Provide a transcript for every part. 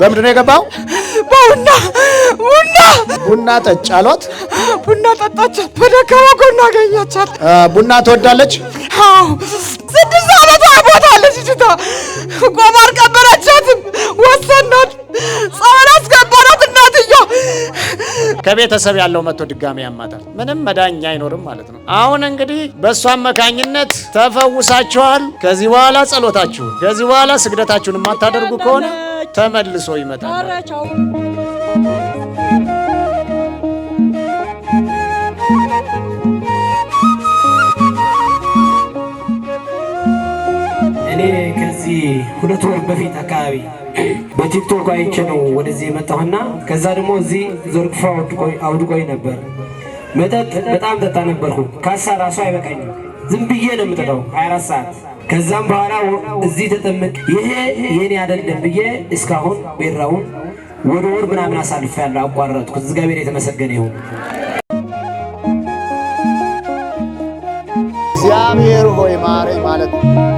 በምንድን ነው የገባው? በቡና ቡና ቡና ጠጭ አሏት። ቡና ጠጣች። በደካማ ጎን አገኛቻት። ቡና ትወዳለች። ስድስት ዓመት አቦታለች። እጅታ ቆማ አልቀበረቻትም። ወሰናት ጸበል አስገባናት። እናትየው ከቤተሰብ ያለው መቶ ድጋሚ ያማታል። ምንም መዳኝ አይኖርም ማለት ነው። አሁን እንግዲህ በእሱ አመካኝነት ተፈውሳችኋል። ከዚህ በኋላ ጸሎታችሁን፣ ከዚህ በኋላ ስግደታችሁን የማታደርጉ ከሆነ ተመልሶ ይመጣል። እኔ ከዚህ ሁለት ወር በፊት አካባቢ በቲክቶክ አይቼ ነው ወደዚህ የመጣሁና ከዛ ደግሞ እዚህ ዘርግፋ አውድቆኝ ነበር። መጠጥ በጣም ጠጣ ነበርኩ። ካሳ ራሱ አይበቃኝም። ዝም ብዬ ነው የምጠጣው 24 ሰዓት ከዛም በኋላ እዚህ ተጠምቅ ይሄ የኔ አይደለም ብዬ እስካሁን ቤራውን ወደ ወር ምናምን አሳልፍ ያለ አቋረጥኩት። እግዚአብሔር የተመሰገነ ይሁን። እግዚአብሔር ሆይ ማረኝ ማለት ነው።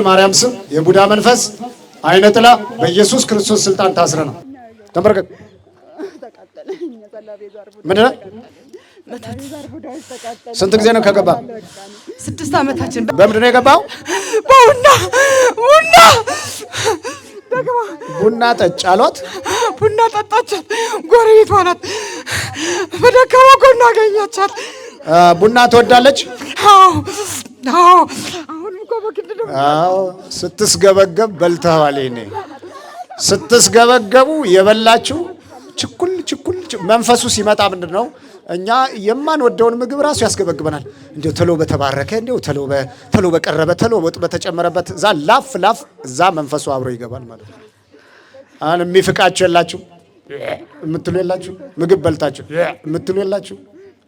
በድንግል ማርያም ስም የቡዳ መንፈስ አይነ ጥላ በኢየሱስ ክርስቶስ ስልጣን ታስረ ነው። ተመልከት። ምንድን ነው? ስንት ጊዜ ነው ከገባ? ስድስት ዓመታችን። በምንድን ነው የገባው? በቡና ቡና ቡና ጠጭ አሏት። ቡና ጠጣቻት። ጎረቤቷ ናት። በደካማ ጎና አገኛቻት። ቡና ትወዳለች። አዎ ስትስገበገብ በልተዋል። ይኔ ስትስገበገቡ የበላችሁ ችኩል ችኩል መንፈሱ ሲመጣ ምንድን ነው? እኛ የማንወደውን ምግብ ራሱ ያስገበግበናል። እንዲሁ ተሎ በተባረከ እንዲሁ ተሎ በቀረበ ተሎ ወጥ በተጨመረበት እዛ ላፍ ላፍ እዛ መንፈሱ አብሮ ይገባል ማለት ነው። አሁን የሚፍቃችሁ የላችሁ የምትሉ የላችሁ ምግብ በልታችሁ የምትሉ የላችሁ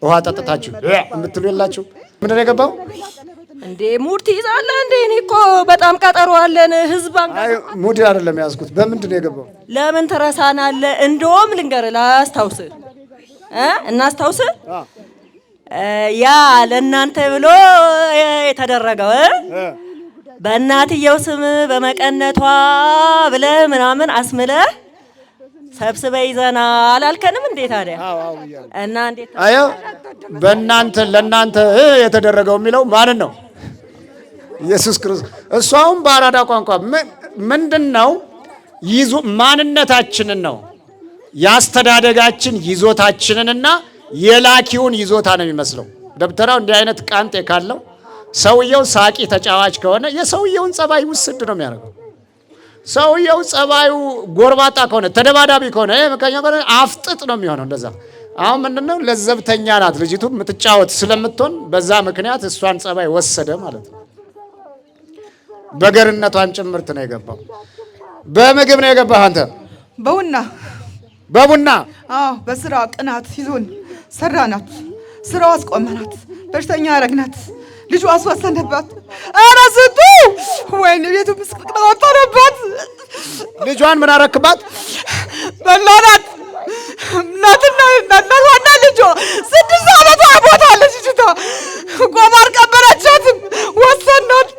ውሃ ጠጥታችሁ የምትሉ የላችሁ ምንድን ነው የገባው? እንዴ ሙርቲ ይዛለ እንዴ? እኔ እኮ በጣም ቀጠሮ አለን። ህዝብ ሙድ አይደለም ያዝኩት። በምንድን ነው የገባው? ለምን ትረሳናለህ? እንደውም ልንገር ላስታውስ እ እናስታውስህ ያ ለእናንተ ብሎ የተደረገው በእናትየው ስም በመቀነቷ ብለ ምናምን አስምለ ሰብስበ ይዘናል አልከንም እንዴ? ታዲያ እና እንዴት አየው፣ በእናንተ ለእናንተ የተደረገው የሚለው ማንን ነው? ኢየሱስ ክርስቶስ አሁን በአራዳ ቋንቋ ምንድን ነው? ይዞ ማንነታችንን ነው የአስተዳደጋችን ይዞታችንንና የላኪውን ይዞታ ነው የሚመስለው። ደብተራው እንዲህ አይነት ቃንጤ ካለው ሰውየው ሳቂ ተጫዋች ከሆነ የሰውየውን ጸባይ ውስድ ነው የሚያደርገው። ሰውየው ጸባዩ ጎርባጣ ከሆነ ተደባዳቢ ከሆነ አፍጥጥ ነው የሚሆነው። እንደዛ አሁን ምንድነው ለዘብተኛ ናት ልጅቱ የምትጫወት ስለምትሆን በዛ ምክንያት እሷን ጸባይ ወሰደ ማለት ነው። በገርነቷን ጭምርት ነው የገባው። በምግብ ነው የገባህ አንተ በቡና በቡና አዎ፣ በስራ ቅናት ይዞን ሰራናት። ስራው አስቆመናት። በሽተኛ ያረግናት። ልጁ አስወሰነባት። ኧረ ስቱ ወይኔ ቤቱ ምስቅልቅል ወጣነባት። ልጇን ምን አረክባት? በላናት። እናትና እናት ዋና ልጇ ስድስት ዓመቷ አቦታለች። ልጅቷ ጎባር ቀበረቻትም ወሰናት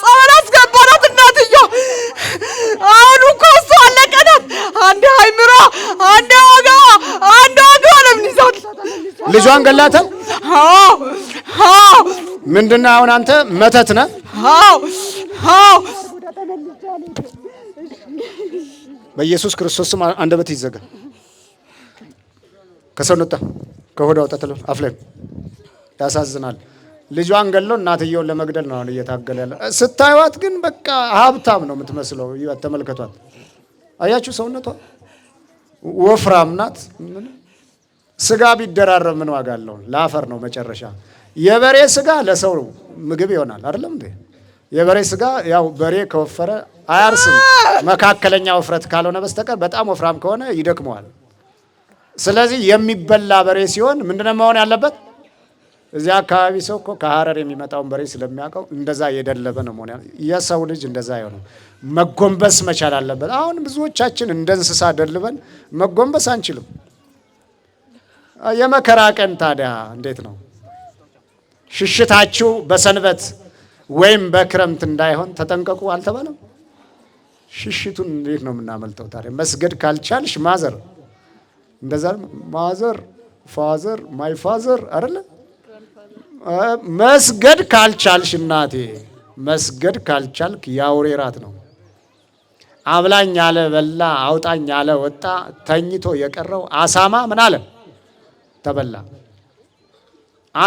ጸበል አስገባናት። እናትዮ አሁኑ እኮ እሱ አለቀናት። አንድ ሃይምራ አንድ ዋጋ አንድ ዋጋ ለምንይዛት ልጇን ገላታል። ምንድነው አሁን አንተ መተት ነህ? በኢየሱስ ክርስቶስ ስም አንደበት ይዘጋ። ከሰውነት ወጣ፣ ወጣ። አፍ ላይ ያሳዝናል። ልጇን ገሎ እናትየውን ለመግደል ነው እየታገለ ያለ። ስታዩት ግን በቃ ሀብታም ነው የምትመስለው። ተመልከቷት፣ አያችሁ ሰውነቷ ወፍራም ናት። ስጋ ቢደራረብ ምን ዋጋ አለው? ለአፈር ነው መጨረሻ። የበሬ ስጋ ለሰው ምግብ ይሆናል አይደለም እንዴ? የበሬ ስጋ ያው በሬ ከወፈረ አያርስም፣ መካከለኛ ውፍረት ካልሆነ በስተቀር በጣም ወፍራም ከሆነ ይደክመዋል። ስለዚህ የሚበላ በሬ ሲሆን ምንድነው መሆን ያለበት? እዚያ አካባቢ ሰው እኮ ከሀረር የሚመጣውን በሬ ስለሚያውቀው እንደዛ የደለበ ነው መሆን። የሰው ልጅ እንደዛ የሆነ መጎንበስ መቻል አለበት። አሁን ብዙዎቻችን እንደ እንስሳ ደልበን መጎንበስ አንችልም። የመከራ ቀን ታዲያ እንዴት ነው? ሽሽታችሁ በሰንበት ወይም በክረምት እንዳይሆን ተጠንቀቁ አልተባለም? ሽሽቱን እንዴት ነው የምናመልጠው ታዲያ? መስገድ ካልቻልሽ ማዘር እንደዛ ማዘር ፋዘር ማይ ፋዘር መስገድ ካልቻልሽ እናቴ መስገድ ካልቻልክ የአውሬ ራት ነው። አብላኝ ያለ በላ፣ አውጣኝ ያለ ወጣ። ተኝቶ የቀረው አሳማ ምን አለ? ተበላ።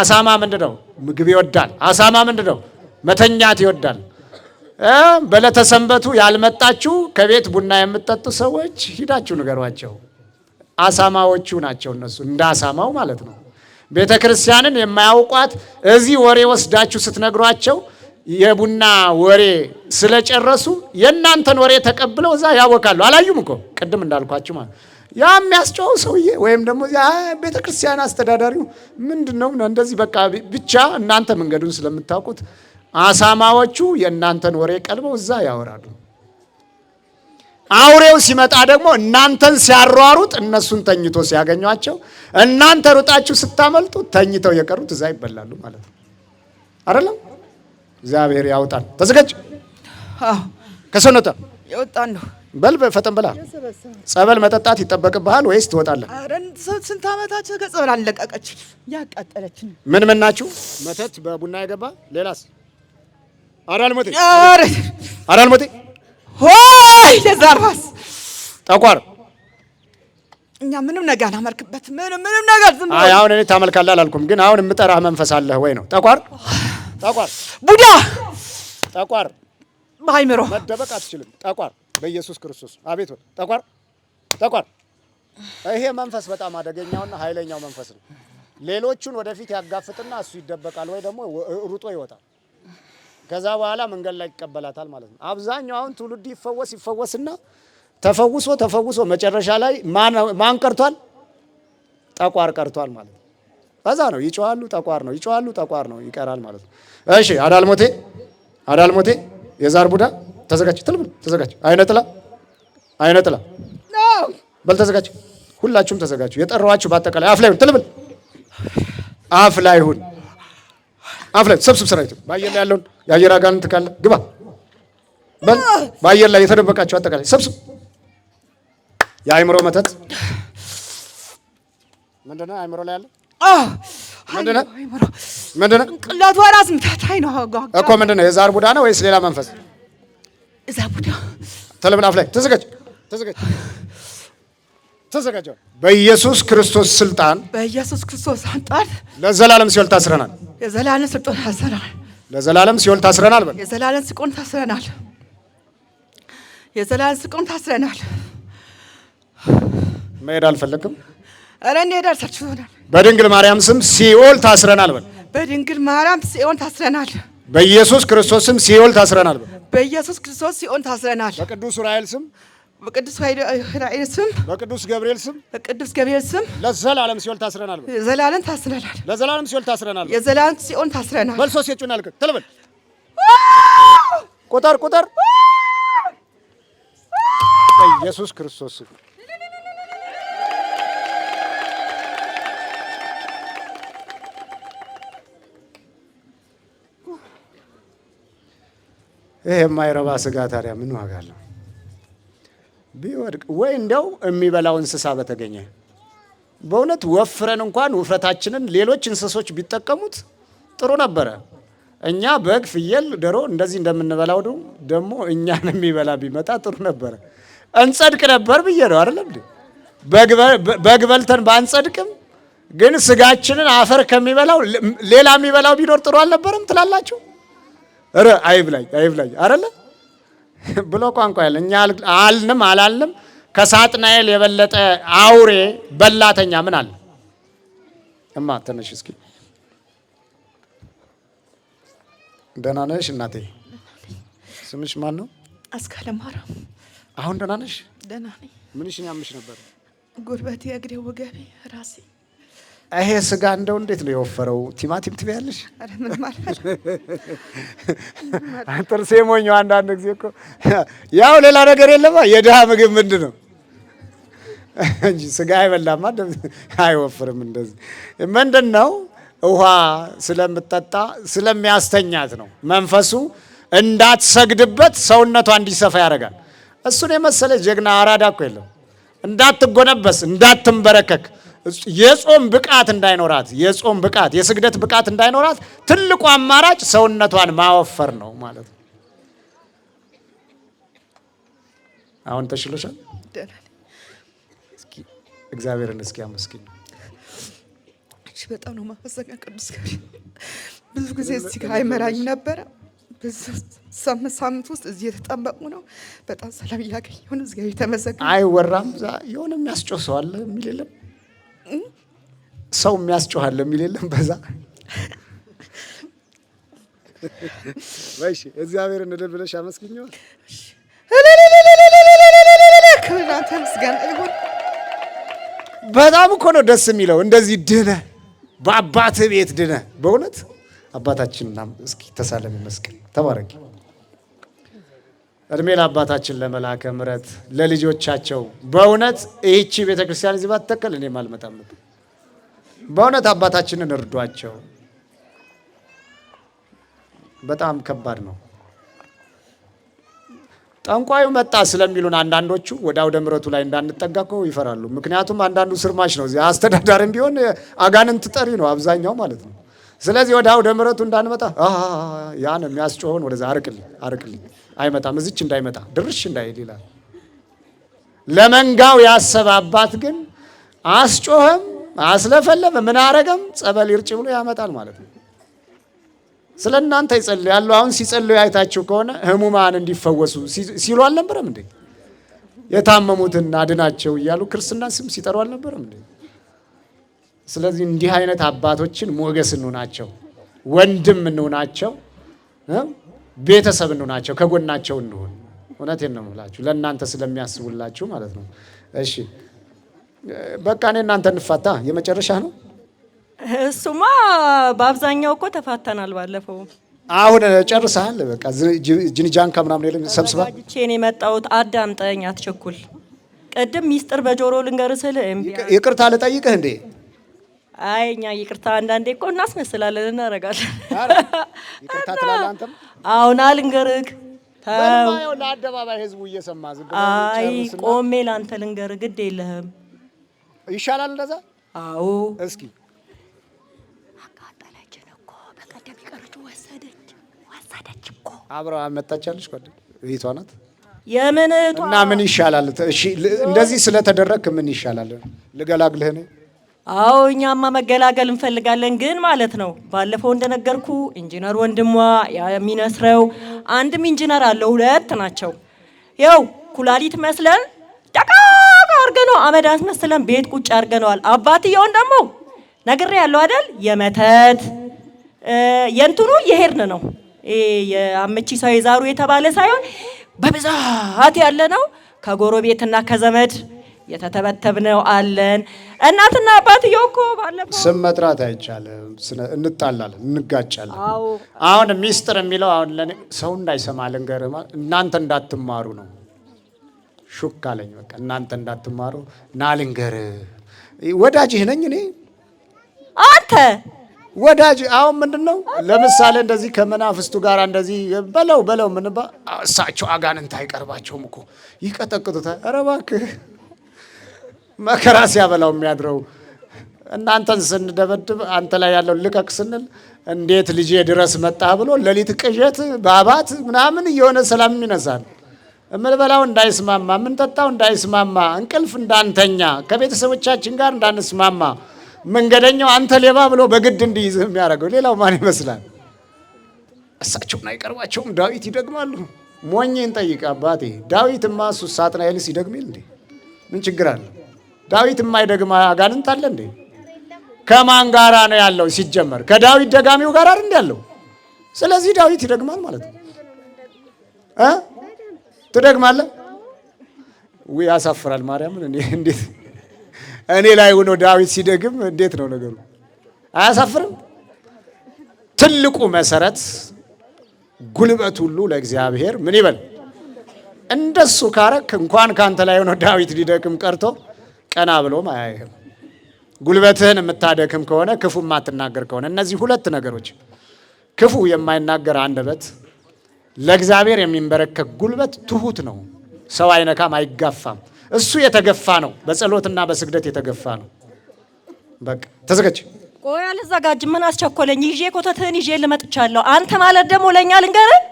አሳማ ምንድን ነው? ምግብ ይወዳል። አሳማ ምንድን ነው? መተኛት ይወዳል። በዕለተ ሰንበቱ ያልመጣችሁ ከቤት ቡና የምጠጡ ሰዎች ሂዳችሁ ንገሯቸው። አሳማዎቹ ናቸው እነሱ፣ እንደ አሳማው ማለት ነው። ቤተ ክርስቲያንን የማያውቋት እዚህ ወሬ ወስዳችሁ ስትነግሯቸው የቡና ወሬ ስለጨረሱ የእናንተን ወሬ ተቀብለው እዛ ያወካሉ። አላዩም እኮ ቅድም እንዳልኳችሁ ማለት ያ የሚያስጨው ሰውዬ ወይም ደግሞ ቤተ ክርስቲያን አስተዳዳሪው ምንድን ነው እንደዚህ በቃ ብቻ እናንተ መንገዱን ስለምታውቁት አሳማዎቹ የእናንተን ወሬ ቀልበው እዛ ያወራሉ። አውሬው ሲመጣ ደግሞ እናንተን ሲያሯሩጥ እነሱን ተኝቶ ሲያገኟቸው፣ እናንተ ሩጣችሁ ስታመልጡ ተኝተው የቀሩት እዛ ይበላሉ ማለት ነው። አይደለም? እግዚአብሔር ያውጣን። ተዘጋጅ። ከሰውነቷ የወጣን ነው። በል ፈጠን ብላ። ጸበል መጠጣት ይጠበቅብሃል ወይስ ትወጣለህ? ስንት ዓመታችን ከጸበል አለቀቀች ያቃጠለችን። ምን ምን ናችሁ? መተት በቡና የገባ ሌላስ? አዳልሞቴ አዳልሞቴ ሆይ ለዛራስ ጠቋር እኛ ምንም ነገር አናመልክበት። ምንም ምንም ነገር ዝም ብሎ አሁን እኔ ታመልካለህ አላልኩም፣ ግን አሁን የምጠራህ መንፈስ አለህ ወይ ነው። ጠቋር ጠቋር ቡዳ ጠቋር በአይምሮ መደበቅ አትችልም። ጠቋር በኢየሱስ ክርስቶስ አቤት ወይ ጠቋር ጠቋር። ይሄ መንፈስ በጣም አደገኛውና ኃይለኛው መንፈስ ነው። ሌሎቹን ወደፊት ያጋፍጥና እሱ ይደበቃል ወይ ደግሞ ሩጦ ይወጣል። ከዛ በኋላ መንገድ ላይ ይቀበላታል ማለት ነው። አብዛኛው አሁን ትውልድ ይፈወስ ይፈወስና ተፈውሶ ተፈውሶ መጨረሻ ላይ ማን ቀርቷል? ጠቋር ቀርቷል ማለት ነው። በዛ ነው ይጮሃሉ፣ ጠቋር ነው ይጮሃሉ፣ ጠቋር ነው ይቀራል ማለት ነው። እሺ አዳልሞቴ አዳልሞቴ የዛር ቡዳ ተዘጋጅ ትልብል ተዘጋጅ፣ አይነጥላ አይነጥላ አይነ በል ተዘጋጅ፣ ሁላችሁም ተዘጋጁ። የጠራዋችሁ በአጠቃላይ አፍ ላይ ሁን ትልብል አፍ ላይ ሁን አፍ ላይ ሰብስብ ሰራዊት ባየላ ያለውን የአየር አጋንንት ካለ ግባ በል። በአየር ላይ የተደበቃቸው አጠቃላይ ሰብስብ። የአእምሮ መተት ምንድን ነው? አእምሮ ላይ ያለ ምንድን ነው? ቅላቱ ራስ ምታታይ ነው እኮ ምንድን ነው? የዛር ቡዳ ነው ወይስ ሌላ መንፈስ? እዛ ቡዳ አፍ ላይ ተዘጋጅ፣ ተዘጋጅ ተዘጋጀው በኢየሱስ ክርስቶስ ስልጣን በኢየሱስ ክርስቶስ ስልጣን ለዘላለም ሲወል ታስረናል። የዘላለም ስልጣን ታስረናል። ለዘላለም ሲኦል ታስረናል በል። የዘላለም ሲቆን ታስረናል። የዘላለም ሲቆን ታስረናል። መሄድ አልፈለግም። እረ እንሄድ አልሳችሁ ይሆናል። በድንግል ማርያም ስም ሲኦል ታስረናል በል። በድንግል ማርያም ሲኦል ታስረናል። በኢየሱስ ክርስቶስ ስም ሲኦል ታስረናል በል። በኢየሱስ ክርስቶስ ሲኦል ታስረናል። በቅዱስ ዑራኤል ስም በቅዱስ ኃይል ስም በቅዱስ ገብርኤል ስም በቅዱስ ገብርኤል ስም ለዘላለም ሲኦል ታስረናል። ዘላለም ታስረናል። ለዘላለም ሲኦል ታስረናል። የዘላለም ሲኦል ታስረናል። መልሶ ሴጩን አልክ ተልበል ቁጠር ቁጠር ኢየሱስ ክርስቶስ ይሄ የማይረባ ስጋ ታዲያ ምን ዋጋ አለው? ቢወድቅ ወይ እንደው የሚበላው እንስሳ በተገኘ በእውነት ወፍረን እንኳን ውፍረታችንን ሌሎች እንስሶች ቢጠቀሙት ጥሩ ነበረ። እኛ በግ፣ ፍየል፣ ደሮ እንደዚህ እንደምንበላው ደግሞ እኛን የሚበላ ቢመጣ ጥሩ ነበረ፣ እንጸድቅ ነበር ብዬ ነው አይደለም። በግ በልተን ባንጸድቅም ግን ስጋችንን አፈር ከሚበላው ሌላ የሚበላው ቢኖር ጥሩ አልነበረም ትላላችሁ? ኧረ አይብላኝ አይብላኝ አይደለም ብሎ ቋንቋ ያለ እኛ አልንም አላልንም። ከሳጥናኤል የበለጠ አውሬ በላተኛ ምን አለ? እማ ትንሽ እስኪ። ደህና ነሽ እናቴ? ስምሽ ማን ነው? አስካለ ማርያም። አሁን ደህና ነሽ? ደህና ነኝ። ምንሽን ያምሽ ነበር? ጉልበቴ፣ እግሬ፣ ወገቤ፣ ራሴ ይሄ ስጋ እንደው እንዴት ነው የወፈረው? ቲማቲም ትበያለሽ? ጥርሴ ሞኝ ነው። አንዳንድ ጊዜ እኮ ያው ሌላ ነገር የለማ። የድሃ ምግብ ምንድን ነው እንጂ ስጋ አይበላማ አይወፍርም። እንደዚህ ምንድን ነው ውሃ ስለምጠጣ ስለሚያስተኛት ነው። መንፈሱ እንዳትሰግድበት ሰውነቷ እንዲሰፋ ያደርጋል። እሱን የመሰለ ጀግና አራዳ እኮ የለም። እንዳትጎነበስ፣ እንዳትንበረከክ የጾም ብቃት እንዳይኖራት የጾም ብቃት የስግደት ብቃት እንዳይኖራት ትልቁ አማራጭ ሰውነቷን ማወፈር ነው ማለት ነው። አሁን ተሽሎሻል። እግዚአብሔርን እስኪ አመስግኝ። በጣም ነው ማመሰገን ቅዱስ ብዙ ጊዜ እዚህ ጋር አይመራኝ ነበረ። ሳምንት ውስጥ እዚህ የተጠመቁ ነው። በጣም ሰላም እያገኘሁ ነው። እግዚአብሔር አይወራም። የሆነ የሚያስጮህ ሰው አለ የሚል የለም ሰው የሚያስጮኋል የሚል የለም። በዛ እግዚአብሔር እንድል ብለሽ አመስግኘዋል። በጣም እኮ ነው ደስ የሚለው እንደዚህ ድነ በአባት ቤት ድነ በእውነት አባታችንና እስኪ ተሳለም ይመስገን ተባረኪ እድሜ ለአባታችን ለመላከ ምረት ለልጆቻቸው በእውነት ይህቺ ቤተ ክርስቲያን እዚህ ባትተከል እኔም አልመጣም በእውነት አባታችንን እርዷቸው። በጣም ከባድ ነው። ጠንቋዩ መጣ ስለሚሉን አንዳንዶቹ ወደ አውደ ምረቱ ላይ እንዳንጠጋ እኮ ይፈራሉ። ምክንያቱም አንዳንዱ ስርማሽ ነው። እዚህ አስተዳዳሪም ቢሆን አጋንንት ጠሪ ነው አብዛኛው ማለት ነው። ስለዚህ ወደ አውደ ምረቱ እንዳንመጣ ያን የሚያስጮኸውን ወደዛ አርቅልኝ፣ አርቅልኝ፣ አይመጣም፣ እዚች እንዳይመጣ ድርሽ እንዳይል ይላል። ለመንጋው ያሰበ አባት ግን አስጮኸም፣ አስለፈለፈ፣ ምን አረገም፣ ጸበል ይርጭ ብሎ ያመጣል ማለት ነው። ስለ እናንተ ይጸልያሉ። አሁን ሲጸልዩ አይታችሁ ከሆነ ህሙማን እንዲፈወሱ ሲሉ አልነበረም እንዴ? የታመሙትን አድናቸው እያሉ ክርስትና ስም ሲጠሩ አልነበረም እንዴ? ስለዚህ እንዲህ አይነት አባቶችን ሞገስ እንሆናቸው፣ ወንድም እንሆናቸው፣ ቤተሰብ እንሆናቸው፣ ከጎናቸው እንሆን። እውነቴን ነው የምላችሁ፣ ለእናንተ ስለሚያስቡላችሁ ማለት ነው። እሺ በቃ እኔ እናንተ እንፋታ። የመጨረሻ ነው እሱማ። በአብዛኛው እኮ ተፋተናል ባለፈው። አሁን ጨርሰሃል። በቃ ጅንጃን ከምናምን የለም ሰብስባ ቼን የመጣሁት አዳምጠኝ፣ አትቸኩል። ቅድም ሚስጥር በጆሮ ልንገር ስል ይቅርታ ልጠይቅህ እንዴ አይ እኛ ይቅርታ አንዳንዴ እኮ እናስመስላለን እናረጋለን። አሁን አልንገርህ ለአደባባይ ህዝቡ እየሰማ ዝም ብሎ አይ ቆሜ ለአንተ ልንገር፣ ግድ የለህም ይሻላል እንደዛ። አዎ እስኪ አቃጠለችን እኮ በቀደም የቀረችው ወሰደች ወሰደች እኮ አብረው አመጣቻለች ጓደኛ እህቷ ናት። የምን እህቷ እና ምን ይሻላል? እንደዚህ ስለተደረግክ ምን ይሻላል? ልገላግልህ እኔ አዎ እኛማ መገላገል እንፈልጋለን፣ ግን ማለት ነው ባለፈው እንደነገርኩ ኢንጂነር ወንድሟ የሚነስረው አንድም ኢንጂነር አለ፣ ሁለት ናቸው። ያው ኩላሊት መስለን ደቃቅ አርገነው አመድ አስመስለን ቤት ቁጭ አርገነዋል። አባትየውን ደግሞ ነገር ያለው አይደል የመተት የእንትኑ የሄድን ነው ሰው የዛሩ የተባለ ሳይሆን በብዛት ያለ ነው ከጎረቤትና ከዘመድ የተተበተብነው አለን። እናትና አባትየው እኮ ባለፈው ስም መጥራት አይቻልም፣ እንጣላለን፣ እንጋጫለን። አሁን ሚስጥር የሚለው አሁን ለእኔ ሰው እንዳይሰማ ልንገርህ፣ እናንተ እንዳትማሩ ነው። ሹክ አለኝ በቃ እናንተ እንዳትማሩ ና ልንገርህ፣ ወዳጅህ ነኝ እኔ አንተ ወዳጅ አሁን ምንድን ነው ለምሳሌ እንደዚህ ከመናፍስቱ ጋር እንደዚህ በለው በለው ምንባ እሳቸው አጋንንት አይቀርባቸውም እኮ ይቀጠቅጡታል። ኧረ እባክህ መከራ ሲያበላው የሚያድረው። እናንተን ስንደበድብ አንተ ላይ ያለው ልቀቅ ስንል እንዴት ልጄ ድረስ መጣ ብሎ ሌሊት ቅዠት በአባት ምናምን እየሆነ ሰላም ይነሳል። እምንበላው እንዳይስማማ፣ የምንጠጣው እንዳይስማማ፣ እንቅልፍ እንዳንተኛ፣ ከቤተሰቦቻችን ጋር እንዳንስማማ፣ መንገደኛው አንተ ሌባ ብሎ በግድ እንዲይዝ የሚያደርገው ሌላው ማን ይመስላል? እሳቸውን አይቀርባቸውም። ዳዊት ይደግማሉ። ሞኝን ጠይቅ አባቴ። ዳዊትማ እሱ ሳጥናኤል ሲደግሚል እንዴ ምን ችግር አለው? ዳዊት የማይደግም አጋንንት አለ እንዴ? ከማን ጋራ ነው ያለው? ሲጀመር ከዳዊት ደጋሚው ጋር አይደል ያለው? ስለዚህ ዳዊት ይደግማል ማለት ነው እ ትደግማለህ ውይ ያሳፍራል። ማርያምን እኔ እንዴት እኔ ላይ ሆኖ ዳዊት ሲደግም እንዴት ነው ነገሩ? አያሳፍርም? ትልቁ መሰረት ጉልበት ሁሉ ለእግዚአብሔር ምን ይበል። እንደሱ ካረክ እንኳን ካንተ ላይ ሆኖ ዳዊት ሊደግም ቀርቶ ቀና ብሎም አያይህም። ጉልበትህን የምታደክም ከሆነ ክፉ የማትናገር ከሆነ እነዚህ ሁለት ነገሮች ክፉ የማይናገር አንደበት፣ ለእግዚአብሔር የሚንበረከክ ጉልበት ትሁት ነው። ሰው አይነካም፣ አይጋፋም። እሱ የተገፋ ነው። በጸሎትና በስግደት የተገፋ ነው። በቃ ተዘጋጅ። ቆይ አልዘጋጅም። ምን አስቸኮለኝ? ይዤ ኮተትህን ይዤ ልመጥቻለሁ። አንተ ማለት ደግሞ ለእኛ ልንገርህ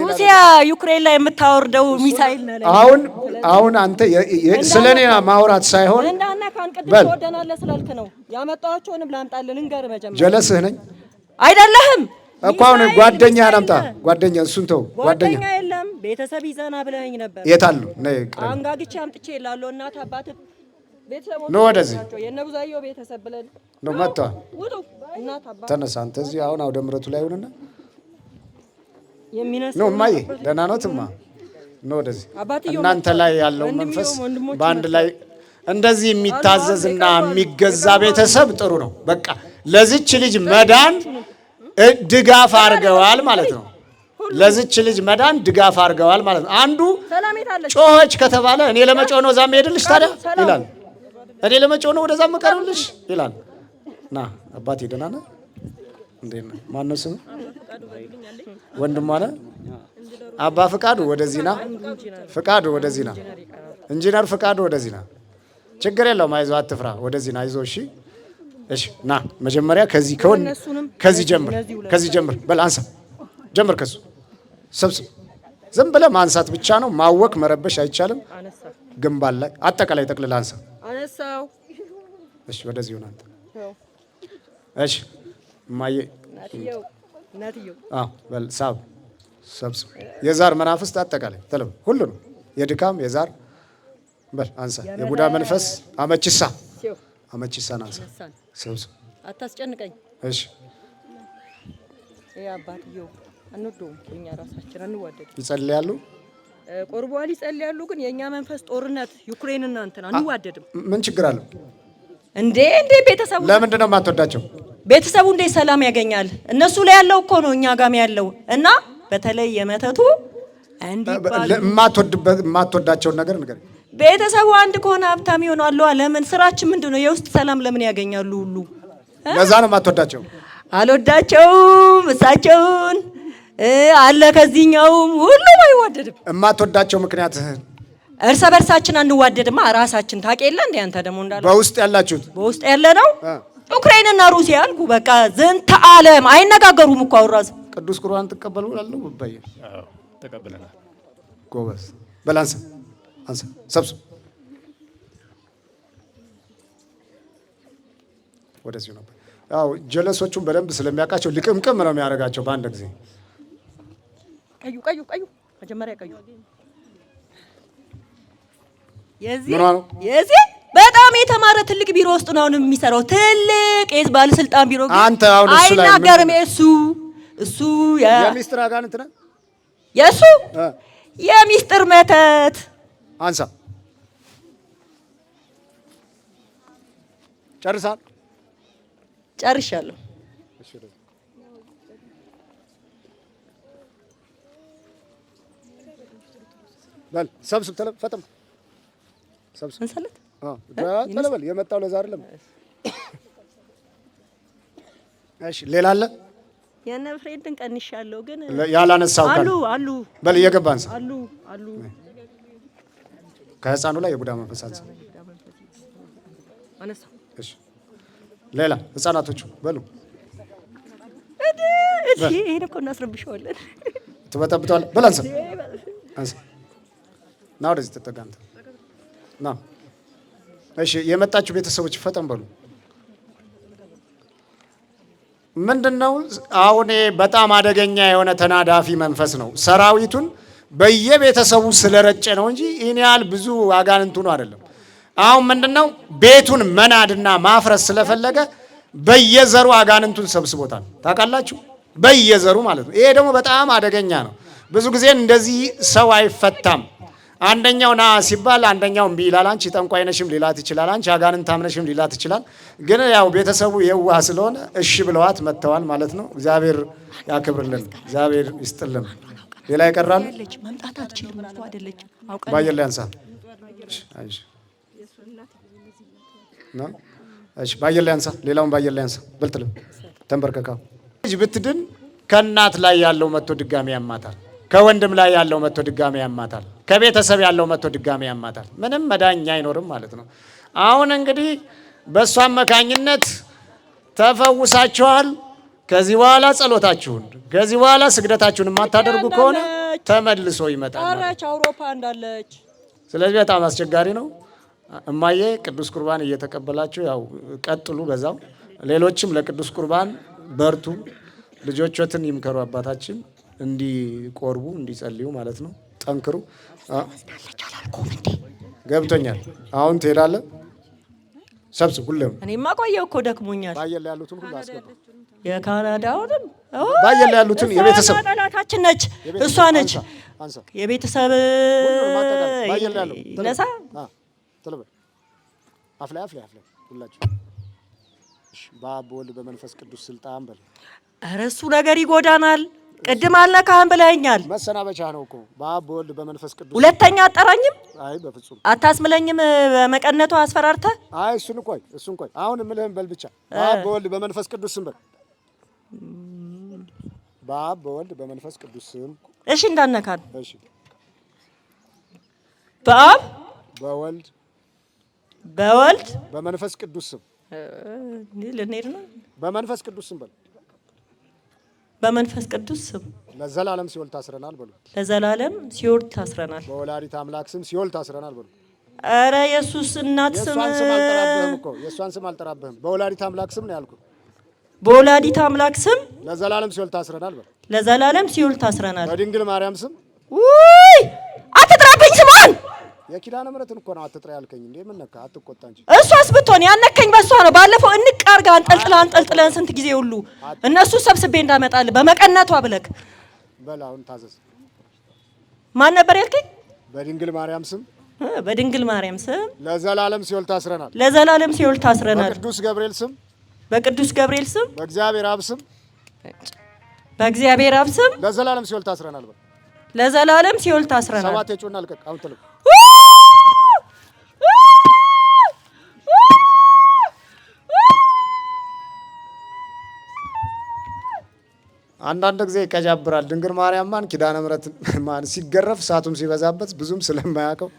ሩሲያ ዩክሬን ላይ የምታወርደው ሚሳይል ነው። አሁን አሁን አንተ ስለ ማውራት ሳይሆን እንዳናካን ቅድም ተወደናለህ ስላልክ ነው ያመጣኋቸውንም ላምጣልህ። ልንገርህ መጀመሪያ ጀለስህ ነኝ አይደለህም እኮ አሁን ጓደኛ ናምጣ ጓደኛ እሱን ተው። ጓደኛ የለም ቤተሰብ ይዘና ብለኸኝ ነበር። የት አሉ? አንጋግቼ አምጥቼ እላለሁ። እናት አባት ቤተሰቦች ወደዚህ የነብዛየው ቤተሰብ ብለን ነው መጥተዋል። ተነሳ አንተ እዚህ አሁን አውደ ምሕረቱ ላይ ሁንና ነው እማዬ፣ ደህና ነዎትማ? ነው ወደዚህ እናንተ ላይ ያለው መንፈስ በአንድ ላይ እንደዚህ የሚታዘዝና የሚገዛ ቤተሰብ ጥሩ ነው። በቃ ለዚች ልጅ መዳን ድጋፍ አድርገዋል ማለት ነው። ለዚች ልጅ መዳን ድጋፍ አድርገዋል ማለት ነው። አንዱ ጮኸች ከተባለ እኔ ለመጮህ ነው እዛ ሄድልሽ ታዲያ ይላል። እኔ ለመጮህ ነው ወደዛ የምቀርብልሽ ይላል። ና አባቴ ደህና ነህ? እንዴት ነው? ማነው ስሙ? አባ ፍቃዱ ወደዚህ ና፣ ፍቃዱ ወደዚህ ና፣ ኢንጂነር ፍቃዱ ወደዚህ ና። ችግር የለውም አይዞህ፣ አትፍራ፣ ወደዚህ ና፣ እሺ፣ እሺ፣ ና። መጀመሪያ ከዚህ ከወን ከዚህ ጀምር፣ ከዚህ ጀምር፣ በል አንሳ፣ ጀምር፣ ከሱ ሰብስብ። ዝም ብለህ ማንሳት ብቻ ነው፣ ማወክ መረበሽ አይቻልም። ግንባር ላይ አጠቃላይ ጠቅልል አንሳ። እሺ፣ ወደዚህ እሺ እማዬ ሳብ ሰብስብ የዛር መናፍስት አጠቃላይ ተለም ሁሉ ነው። የድካም የዛር በል አንሳ። የቡዳ መንፈስ አመችሳ አመችሳን አንሳ ሰብስብ። አታስጨንቀኝ። እሺ አባትየው አንወደውም። እኛ ራሳችን አንዋደድ። ይጸልያሉ፣ ቆርቧል፣ ይጸልያሉ። ግን የእኛ መንፈስ ጦርነት፣ ዩክሬን እንትን አንዋደድም። ምን ችግር አለው እንዴ? እንዴ ቤተሰቡ ለምንድን ነው የማትወዳቸው? ቤተሰቡ እንዴት ሰላም ያገኛል? እነሱ ላይ ያለው እኮ ነው እኛ ጋም ያለው እና በተለይ የመተቱ የማትወዳቸውን ነገር ነገር ቤተሰቡ አንድ ከሆነ ሀብታም ይሆናሉ። ለምን ስራችን ምንድን ነው? የውስጥ ሰላም ለምን ያገኛሉ? ሁሉ ለዛ ነው የማትወዳቸው። አልወዳቸውም እሳቸውን አለ ከዚህኛውም ሁሉም አይዋደድም። የማትወዳቸው ምክንያት እርስ በርሳችን አንዋደድማ ራሳችን ታውቅ የለ እንደ አንተ ደግሞ እንዳለ በውስጥ ያላችሁት በውስጥ ያለ ነው ዩክሬንና ሩሲያ አልኩ በቃ ዝንተ ዓለም አይነጋገሩም እኮ አሁን ራሱ ቅዱስ ቁርባን ትቀበሉ ላለው ባየ ተቀብለናል። ጎበዝ በላንስ አንስ ሰብሱ ወደዚሁ ነበር። ያው ጀለሶቹን በደንብ ስለሚያውቃቸው ልቅምቅም ነው የሚያደርጋቸው በአንድ ጊዜ። ቀዩ ቀዩ ቀዩ መጀመሪያ ቀዩ የዚህ የዚህ በጣም የተማረ ትልቅ ቢሮ ውስጥ ነው አሁን የሚሰራው። ትልቅ የዝ ባለስልጣን ቢሮ አንተ አሁን እሱ ላይ አይናገርም። እሱ እሱ የሚስጥር አጋንንት ነው። የእሱ የሚስጥር መተት አንሳ። ጨርሳል። ጨርሻለሁ። በል ሰብስብ፣ ተለብ ፈጥም ሰብስብ እንሰለት በል የመጣው ለዛ አይደለም። እሺ ሌላ አለ? ያነ ፍሬድን ቀንሻለሁ ግን ያላነሳው አሉ አሉ በል እየገባን አሉ አሉ ከህፃኑ ላይ የቡዳ መንፈስ አንሳ። እሺ ሌላ ህፃናቶቹ በሉ ይሄን እኮ እናስረብሸዋለን። በል አንሳ አንሳ። ና ወደዚህ ተጠጋንተ ና እሺ የመጣችሁ ቤተሰቦች ፈጠን በሉ። ምንድን ነው አሁን በጣም አደገኛ የሆነ ተናዳፊ መንፈስ ነው። ሰራዊቱን በየቤተሰቡ ስለረጨ ነው እንጂ ይህን ያህል ብዙ አጋንንቱ ነው አይደለም። አሁን ምንድን ነው ቤቱን መናድና ማፍረስ ስለፈለገ በየዘሩ አጋንንቱን ሰብስቦታል። ታውቃላችሁ፣ በየዘሩ ማለት ነው። ይሄ ደግሞ በጣም አደገኛ ነው። ብዙ ጊዜ እንደዚህ ሰው አይፈታም። አንደኛው ና ሲባል አንደኛው እምቢ ይላል። አንቺ ጠንቋይ ነሽም ሊላት ይችላል። አንቺ አጋንን ታምነሽም ሊላት ይችላል። ግን ያው ቤተሰቡ የዋህ ስለሆነ እሺ ብለዋት መጥተዋል ማለት ነው። እግዚአብሔር ያክብርልን፣ እግዚአብሔር ይስጥልን። ሌላ ይቀራል። ባየር ላይ አንሳ። ባየር ላይ አንሳ። ሌላውን ባየር ላይ አንሳ። ብልትልም ተንበርከካ ልጅ ብትድን ከእናት ላይ ያለው መጥቶ ድጋሚ ያማታል። ከወንድም ላይ ያለው መጥቶ ድጋሚ ያማታል። ከቤተሰብ ያለው መጥቶ ድጋሚ ያማታል። ምንም መዳኛ አይኖርም ማለት ነው። አሁን እንግዲህ በእሱ አመካኝነት ተፈውሳችኋል። ከዚህ በኋላ ጸሎታችሁን፣ ከዚህ በኋላ ስግደታችሁን የማታደርጉ ከሆነ ተመልሶ ይመጣል። አውሮፓ እንዳለች። ስለዚህ በጣም አስቸጋሪ ነው። እማዬ ቅዱስ ቁርባን እየተቀበላችሁ ያው ቀጥሉ በዛው። ሌሎችም ለቅዱስ ቁርባን በርቱ። ልጆቾትን ይምከሩ አባታችን እንዲቆርቡ እንዲጸልዩ ማለት ነው። ጠንክሩ። ገብቶኛል። አሁን ትሄዳለህ። ሰብስብ ሁሌም። እኔማ ቆየሁ እኮ ደክሞኛል። ባየላ ያሉትን ሁሉ አስገባ። የካናዳውንም ባየላ ያሉትን የቤተሰብ ጠላታችን ነች፣ እሷ ነች። የቤተሰብ ነሳ አፍላይ አፍላይ አፍላይ ሁላችሁ በአብ በወልድ በመንፈስ ቅዱስ ስልጣን በል። ኧረ እሱ ነገር ይጎዳናል። ቅድም አለ ካህን ብለኸኛል። መሰናበቻ ነው እኮ በአብ በወልድ በመንፈስ ቅዱስ። ሁለተኛ አጠራኝም። አይ በፍጹም አታስምለኝም። በመቀነቱ አስፈራርተ? አይ እሱን ቆይ እሱን ቆይ። አሁን ምልህን በል ብቻ። በአብ በወልድ በመንፈስ ቅዱስ ስም በል። በአብ በወልድ በመንፈስ ቅዱስ ስም። እሺ እንዳነካል። እሺ በአብ በወልድ በወልድ በመንፈስ ቅዱስ ስም ልንሄድ ነው። በመንፈስ ቅዱስ ስም በል በመንፈስ ቅዱስ ስም ለዘላለም ሲኦል ታስረናል በሉ። ለዘላለም ሲኦል ታስረናል። በወላዲት አምላክ ስም ሲኦል ታስረናል በሉ። ኧረ የሱስ እናት ስም አልጠራብህም የእሷን ስም አልጠራብህም። በወላዲት አምላክ ስም ነው ያልኩ። በወላዲት አምላክ ስም ለዘላለም ሲኦል ታስረናል በሉ። ለዘላለም ሲኦል ታስረናል። በድንግል ማርያም ስም ውይ አትጥራብኝ ስሟን የኪዳነ ምሕረትን እኮ ነው አትጥራ ያልከኝ እንዴ? ምን ነካ? አትቆጣ እንጂ እሷስ ብትሆን ያነከኝ በሷ ነው። ባለፈው እንቅ አርጋ አንጠልጥላ አንጠልጥለን ስንት ጊዜ ሁሉ እነሱ ሰብስቤ እንዳመጣል በመቀነቷ ብለክ በል አሁን ታዘዝ። ማን ነበር ያልከኝ? በድንግል ማርያም ስም በድንግል ማርያም ስም ለዘላለም ሲኦል ታስረናል፣ ለዘላለም ሲኦል ታስረናል። በቅዱስ ገብርኤል ስም በቅዱስ ገብርኤል ስም በእግዚአብሔር አብ ስም በእግዚአብሔር አብ ስም ለዘላለም ሲኦል ታስረናል፣ ለዘላለም ሲኦል ታስረናል። ሰባት የጮና ልቀቅ አሁን ትልቅ አንዳንድ ጊዜ ይቀጃብራል። ድንግል ማርያም ማን ኪዳነ ምሕረት ማን ሲገረፍ እሳቱም ሲበዛበት ብዙም ስለማያውቀው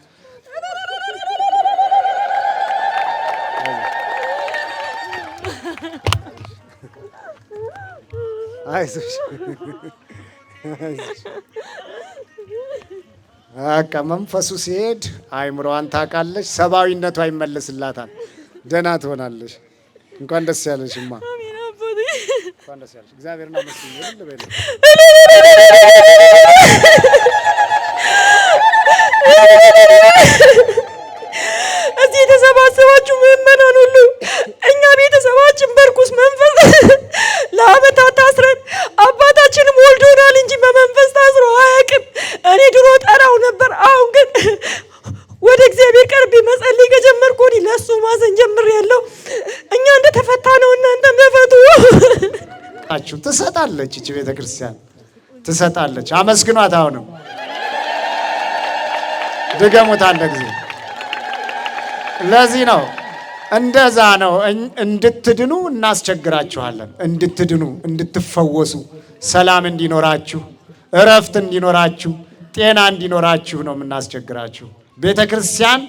አይዞሽ መንፈሱ ሲሄድ አይምሮዋን ታውቃለች፣ ሰብአዊነቷ ይመለስላታል፣ ደህና ትሆናለች። እንኳን ደስ ያለሽማ እንኳን ደስ ያለሽ። እግዚአብሔርን አመስግኝ ልበል። እዚህ የተሰባሰባችሁ ምዕመናን ሁሉ እኛ ቤተሰባችን በርኩስ መንፈስ ለአመታት ትሰጣለች። እች ቤተ ክርስቲያን ትሰጣለች። አመስግኗት። አሁንም ድገሙት አንድ ጊዜ። ለዚህ ነው እንደዛ ነው እንድትድኑ እናስቸግራችኋለን። እንድትድኑ፣ እንድትፈወሱ፣ ሰላም እንዲኖራችሁ፣ እረፍት እንዲኖራችሁ፣ ጤና እንዲኖራችሁ ነው የምናስቸግራችሁ። ቤተ ክርስቲያን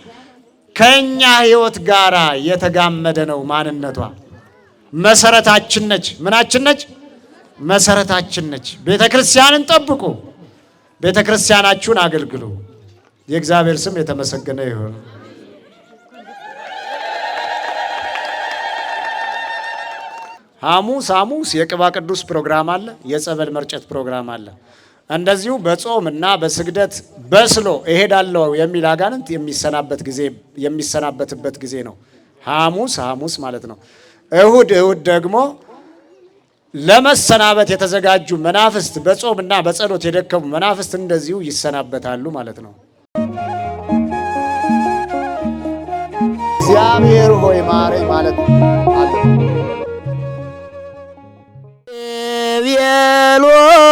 ከእኛ ህይወት ጋር የተጋመደ ነው ማንነቷ። መሰረታችን ነች። ምናችን ነች? መሰረታችን ነች። ቤተ ክርስቲያንን ጠብቁ፣ ቤተ ክርስቲያናችሁን አገልግሉ። የእግዚአብሔር ስም የተመሰገነ ይሁን። ሐሙስ ሐሙስ የቅባ ቅዱስ ፕሮግራም አለ፣ የጸበል መርጨት ፕሮግራም አለ። እንደዚሁ በጾም እና በስግደት በስሎ እሄዳለሁ የሚል አጋንንት የሚሰናበትበት ጊዜ ነው። ሐሙስ ሐሙስ ማለት ነው። እሁድ እሁድ ደግሞ ለመሰናበት የተዘጋጁ መናፍስት በጾምና በጸሎት የደከሙ መናፍስት እንደዚሁ ይሰናበታሉ ማለት ነው። እግዚአብሔር ሆይ ማረኝ ማለት ነው።